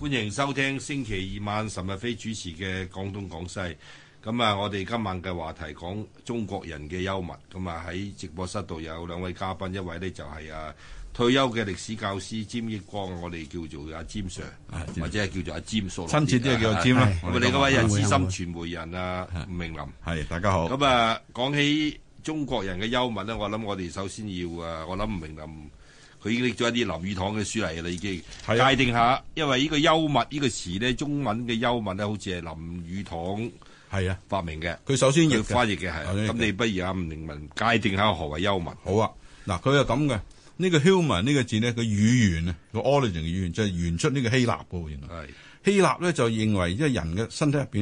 歡迎收聽星期二晚岑逸飛主持嘅廣東廣西。咁啊，我哋今晚嘅話題講中國人嘅幽默。咁啊，喺直播室度有兩位嘉賓，一位呢就係啊退休嘅歷史教師詹益光，我哋叫做阿詹 Sir，或者係叫做阿詹叔。親切啲啊，叫做詹啦。咁啊，另外一位資深傳媒人啊，吳明林。係，大家好。咁啊，講起中國人嘅幽默咧，我諗我哋首先要啊，我諗吳明林。佢拎咗一啲林語堂嘅書嚟啦，已經界定一下，啊、因為呢個幽默呢、呢個詞咧，中文嘅幽默咧，好似係林語堂係啊發明嘅。佢、啊、首先的佢要翻譯嘅係，咁、啊啊、你不如阿、啊、明林界定一下何為幽默？好啊，嗱，佢係咁嘅，呢、呢個 humor 呢個字咧，個語言啊，個 origin 嘅語言就原、是、出呢個希臘喎，原來。係是希臘咧就認為即係人嘅身體入邊。